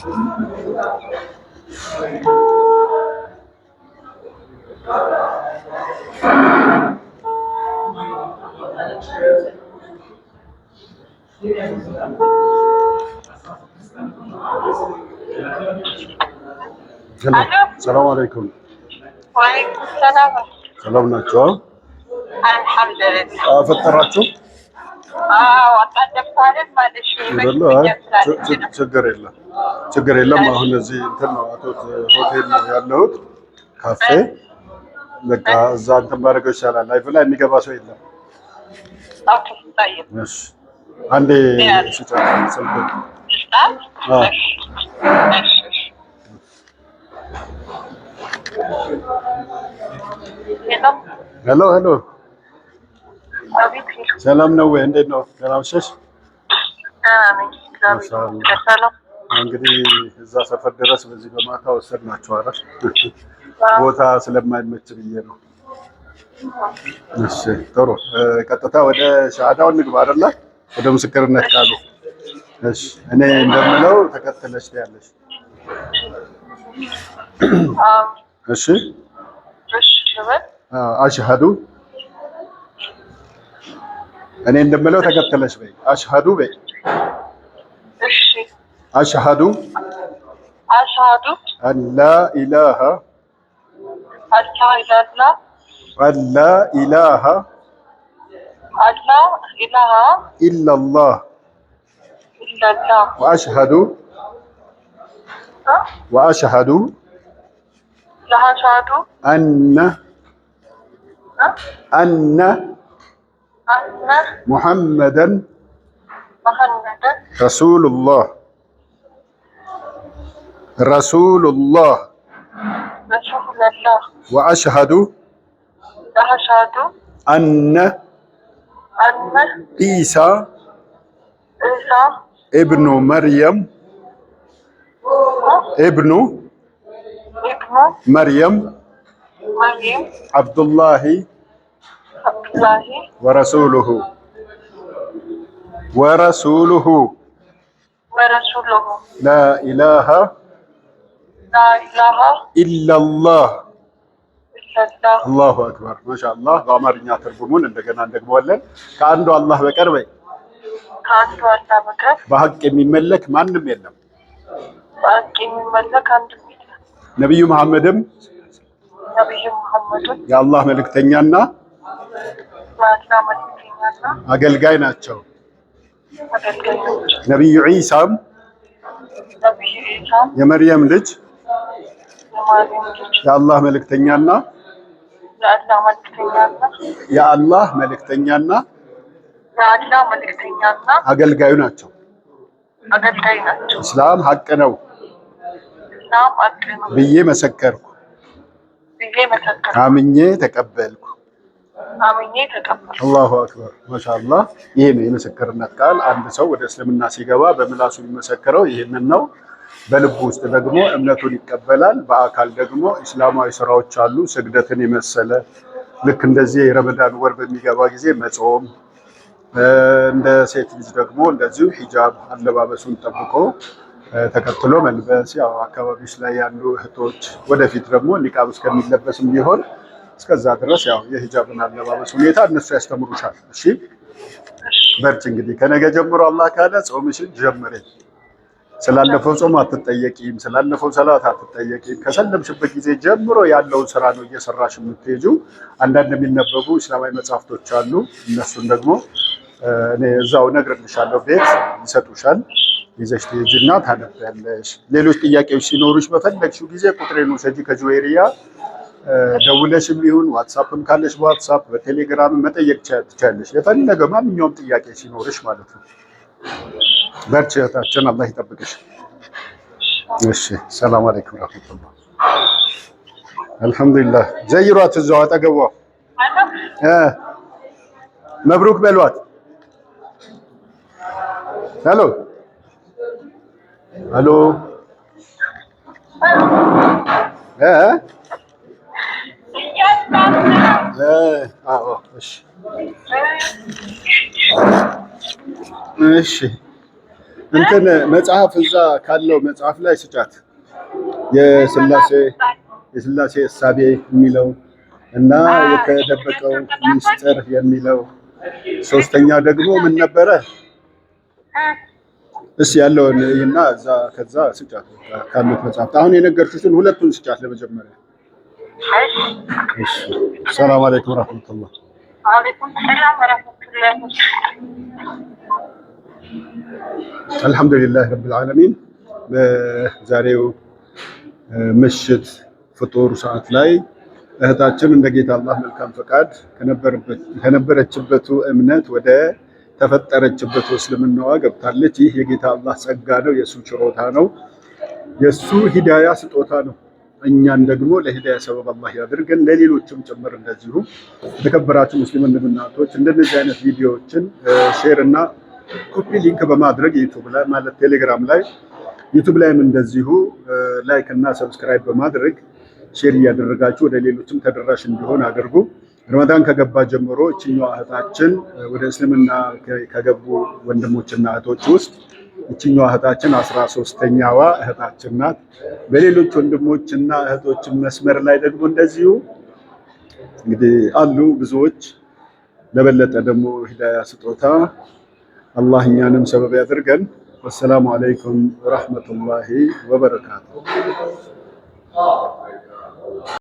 السلام عليكم وعليكم السلام سلام ناتشو الحمد لله افطرتوا اه, آه، وطرت ችግር የለም ችግር የለም። አሁን እዚህ እንትን ነው ሆቴል ነው ያለሁት ካፌ በቃ እዛ እንትን ባደረገ ይሻላል። ላይፍ ላይ የሚገባ ሰው የለም። አንዴ ሄሎ ሄሎ ሰላም ነው ወይ? እንዴት ነው? ደህና ነሽ? እንግዲህ እዛ ሰፈር ድረስ በዚህ በማታ ወሰድናችሁ አይደል? ቦታ ስለማይመች ብዬ ነው። እሺ ጥሩ። ቀጥታ ወደ ሻዳው እንግባ አይደለ? ወደ ምስክርነት ቃሉ። እሺ እኔ እንደምለው ተከትለሽ ያለሽ እሺ እሺ አሽሃዱ እኔ እንደምለው ተከተለሽ በይ። አሽሃዱ በይ። እሺ አሽሃዱ አሽሃዱ አላ ኢላሃ አላ ኢላሃ አላ ኢላሃ ኢላላህ ኢላላህ ወአሽሃዱ ወአሽሃዱ ለአሽሃዱ አነ አነ محمدا محمدا رسول الله رسول الله رسول الله وأشهد أشهد أن أن عيسى عيسى ابن مريم ابن ابن مريم مريم عبد الله ወረሱሉሁ ወረሱሉሁ ላኢላሃ ኢላላህ አላሁ አክበር። ማሻአላህ። በአማርኛ ትርጉሙን እንደገና እንደግመዋለን። ከአንዱ አላህ በቀር በይ በሀቅ የሚመለክ ማንም የለም። ነቢዩ መሐመድም የአላህ መልእክተኛና አገልጋይ ናቸው። ነቢዩ ዒሳም የመርየም ልጅ የአላህ መልእክተኛና የአላህ መልእክተኛና አገልጋዩ ናቸው። እስላም ሀቅ ነው ብዬ መሰከርኩ፣ አምኜ ተቀበልኩ። አምኜ ተቀበልኩ። አላሁ አክበር ማሻአላ። ይሄ ነው የምስክርነት ቃል። አንድ ሰው ወደ እስልምና ሲገባ በምላሱ የሚመሰክረው ይህንን ነው። በልቡ ውስጥ ደግሞ እምነቱን ይቀበላል። በአካል ደግሞ እስላማዊ ስራዎች አሉ፣ ስግደትን የመሰለ ልክ እንደዚህ የረመዳን ወር በሚገባ ጊዜ መጾም እንደ ሴት ልጅ ደግሞ እንደዚሁ ሂጃብ አለባበሱን ጠብቆ ተከትሎ መልበስ። ያው አካባቢዎች ላይ ያሉ እህቶች ወደፊት ደግሞ ኒቃብ እስከሚለበስም ቢሆን እስከዛ ድረስ ያው የሂጃብና አለባበስ ሁኔታ እነሱ ያስተምሩሻል። እሺ በርቺ። እንግዲህ ከነገ ጀምሮ አላህ ካለ ጾምሽን ጀምሬ ስላለፈው ጾም አትጠየቂም፣ ስላለፈው ሰላት አትጠየቂም። ከሰለምሽበት ጊዜ ጀምሮ ያለውን ስራ ነው እየሰራሽ የምትሄጂው። አንዳንድ የሚነበቡ እስላማዊ መጽሐፍቶች አሉ። እነሱን ደግሞ እኔ እዛው እነግርልሻለሁ፣ ቤት ይሰጡሻል። ይዘሽ ትሄጂና ታነቢያለሽ። ሌሎች ጥያቄዎች ሲኖሩሽ በፈለግሽው ጊዜ ቁጥሬን ውሰጂ ከጁዌሪያ ደውለሽም ይሁን ዋትሳፕም ካለሽ በዋትሳፕ በቴሌግራም መጠየቅ ትችያለሽ። የፈለገ ማንኛውም ጥያቄ ሲኖርሽ ማለት ነው። በርችታችን አላህ ይጠብቅሽ። እሺ፣ ሰላም አለይኩም ረመቱላ። አልሐምዱሊላህ። ዘይሯት እዛው አጠገቧ መብሩክ በሏት። ሄሎ ሄሎ እሺ እንትን መጽሐፍ እዛ ካለው መጽሐፍ ላይ ስጫት የስላሴ የስላሴ እሳቤ የሚለው እና የተደበቀው ሚስጥር የሚለው ሶስተኛው ደግሞ ምን ነበረ? እስ ያለውን እና እዛ ከዛ ስጫት ካሉት አሁን ሁለቱን ስጫት ለመጀመሪያ። ሰላም አለይኩም ረህመቱላህ አልሐምዱሊላህ ረብል ዓለሚን በዛሬው ምሽት ፍጡር ሰዓት ላይ እህታችን እንደ ጌታ አላህ መልካም ፈቃድ ከነበረችበቱ እምነት ወደ ተፈጠረችበት እስልምናዋ ገብታለች። ይህ የጌታ አላህ ጸጋ ነው። የእሱ ችሮታ ነው። የእሱ ሂዳያ ስጦታ ነው። እኛን ደግሞ ለሂዳያ ሰበብ አላህ ያድርገን፣ ለሌሎችም ጭምር እንደዚሁ። የተከበራችሁ ሙስሊም ወንድምና እህቶች እንደነዚህ አይነት ቪዲዮዎችን ሼር እና ኮፒ ሊንክ በማድረግ ዩቱብ ላይ ማለት ቴሌግራም ላይ ዩቱብ ላይም እንደዚሁ ላይክ እና ሰብስክራይብ በማድረግ ሼር እያደረጋችሁ ወደ ሌሎችም ተደራሽ እንዲሆን አድርጉ። ረመዳን ከገባ ጀምሮ እችኛዋ እህታችን ወደ እስልምና ከገቡ ወንድሞችና እህቶች ውስጥ እችኛዋ እህታችን አስራ ሶስተኛዋ እህታችን ናት። በሌሎች ወንድሞችና እህቶች መስመር ላይ ደግሞ እንደዚሁ እንግዲህ አሉ ብዙዎች። ለበለጠ ደግሞ ሂዳያ ስጦታ አላህ እኛንም ሰበብ ያድርገን። ወሰላሙ አለይኩም ወረሕመቱላሂ ወበረካቱ።